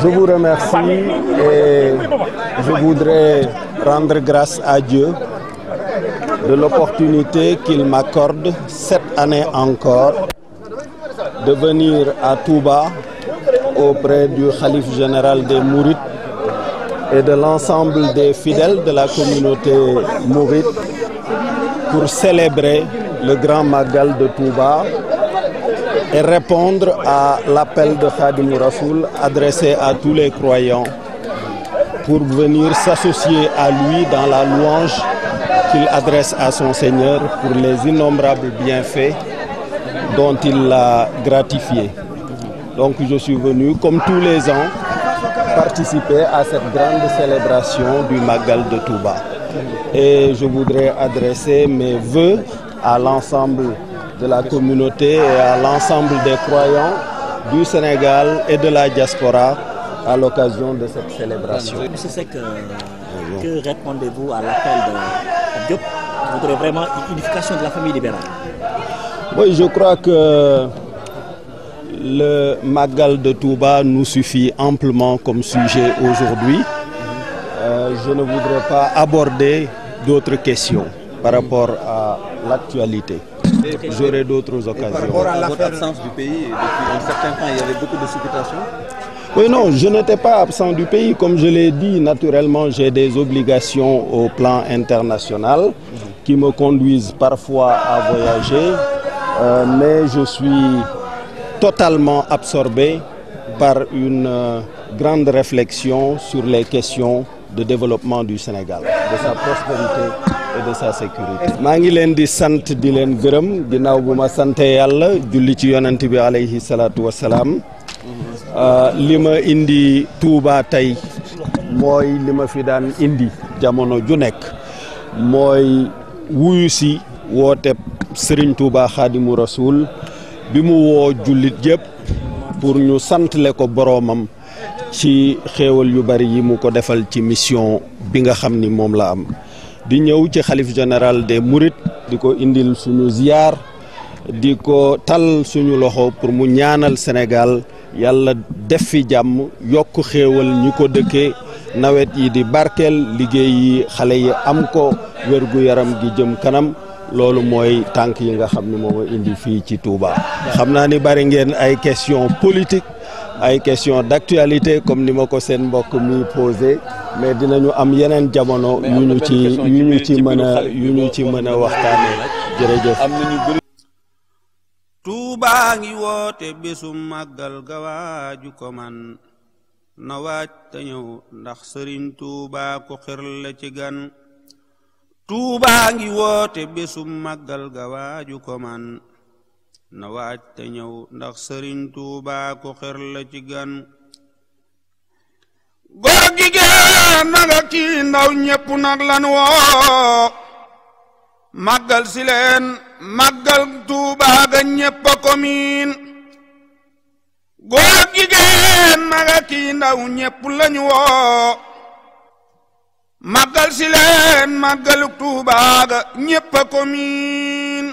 Je vous remercie et je voudrais rendre grâce à Dieu de l'opportunité qu'il m'accorde cette année encore de venir à Touba auprès du Khalif général des Mourites et de l'ensemble des fidèles de la communauté mourite pour célébrer le grand Magal de Touba et répondre à l'appel de Khadim Rasoul adressé à tous les croyants pour venir s'associer à lui dans la louange qu'il adresse à son Seigneur pour les innombrables bienfaits dont il l'a gratifié. Donc je suis venu, comme tous les ans, participer à cette grande célébration du Magal de Touba. Et je voudrais adresser mes voeux à l'ensemble de la communauté et à l'ensemble des croyants du Sénégal et de la diaspora à l'occasion de cette célébration. Monsieur que, euh, que répondez-vous à l'appel de Diop Vous voudrez vraiment une unification de la famille libérale Oui, je crois que le Magal de Touba nous suffit amplement comme sujet aujourd'hui. Euh, je ne voudrais pas aborder d'autres questions par rapport à l'actualité j'aurai d'autres occasions. Par rapport à votre absence du pays, depuis un certain temps, il y avait beaucoup de supputations oui, non, je n'étais pas absent du pays. Comme je l'ai dit, naturellement, j'ai des obligations au plan international qui me conduisent parfois à voyager, euh, mais je suis totalement absorbé par une euh, grande réflexion sur les questions de développement du Sénégal sa prospérité de sa sécurité. maa ngi leen di sant di leen gërëm ginnaaw bu ma sante yàlla julli ci yonent bi aleyhi salaatu wassalaam euh, li ma indi Touba tey mooy li ma fi daan indi jamono ju nekk mooy wuyu si woote sëriñ Touba Xaadimu Rasul bi mu woo jullit yëpp pour ñu santle ko boroomam. ci xéewal yu bari yi mu ko defal ci mission bi nga xam ni moom la am di ñëw ci xalif général des Mourides di ko indil suñu ziyaar di ko tal suñu loxo pour mu ñaanal Sénégal yàlla def fi jàmm yokk xéewal ñu ko dëkkee nawet yi di barkeel liggéey yi xale yi am ko wérgu yaram gi jëm kanam loolu mooy tànk yi nga xam ni moom a indi fii ci Touba xam naa ni bari ngeen ay question politique ay question d'actualité comme ni ma ko seen mbokk muy posé mais dinañu am yeneen jamono yu ñu ci yu mën a yu ñu ci mën a waxtaanee jërëjëf. Tuubaa ngi woote bésu màggal gawaaju ko man na waaj te ñëw ndax sëriñ Tuubaa ko xër la ci gan Tuubaa ngi woote bésu màggal gawaaju ko man na waaj te ñëw ndax sëriñ tuubaa ku la ci gan góor gi géen na nga kii ndaw ñépp nag lan woo màggal si leen màggal tuubaa ko miin góor gi géen na kii ndaw ñépp lañu woo màggal si leen màggalu tuubaa ko miin